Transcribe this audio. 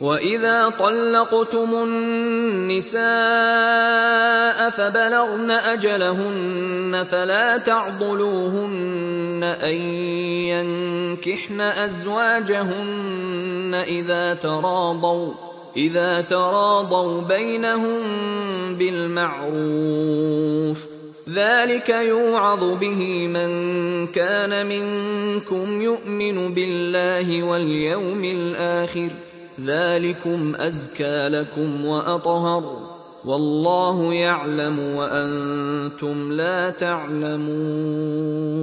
وَإِذَا طَلَّقْتُمُ النِّسَاءَ فَبَلَغْنَ أَجَلَهُنَّ فَلَا تَعْضُلُوهُنَّ أَن يَنكِحْنَ أَزْوَاجَهُنَّ إِذَا تَرَاضَوْا إِذَا تَرَاضَوْا بَيْنَهُم بِالْمَعْرُوفِ ذَلِكَ يُوعَظُ بِهِ مَن كَانَ مِنكُمْ يُؤْمِنُ بِاللَّهِ وَالْيَوْمِ الْآخِرِ ذلكم أزكى لكم وأطهر والله يعلم وأنتم لا تعلمون